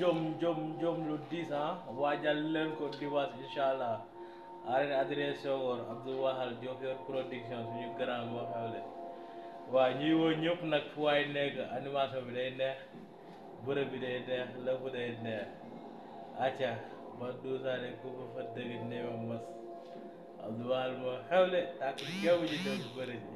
jom jom jom lu diis ah waajal leen ko dimanche incha allah arène adresse Sokone Abdou Wahal Diofior production suñu grand moo xewle waaw ñuy woo ñëpp nag fu waay nekk animation bi day neex bërëb bi day neex lëf day neex acca ba duusaane ku fa dëgg néew mas Abdou Wahal moo xewle tàkk jaww ji dem bëri ji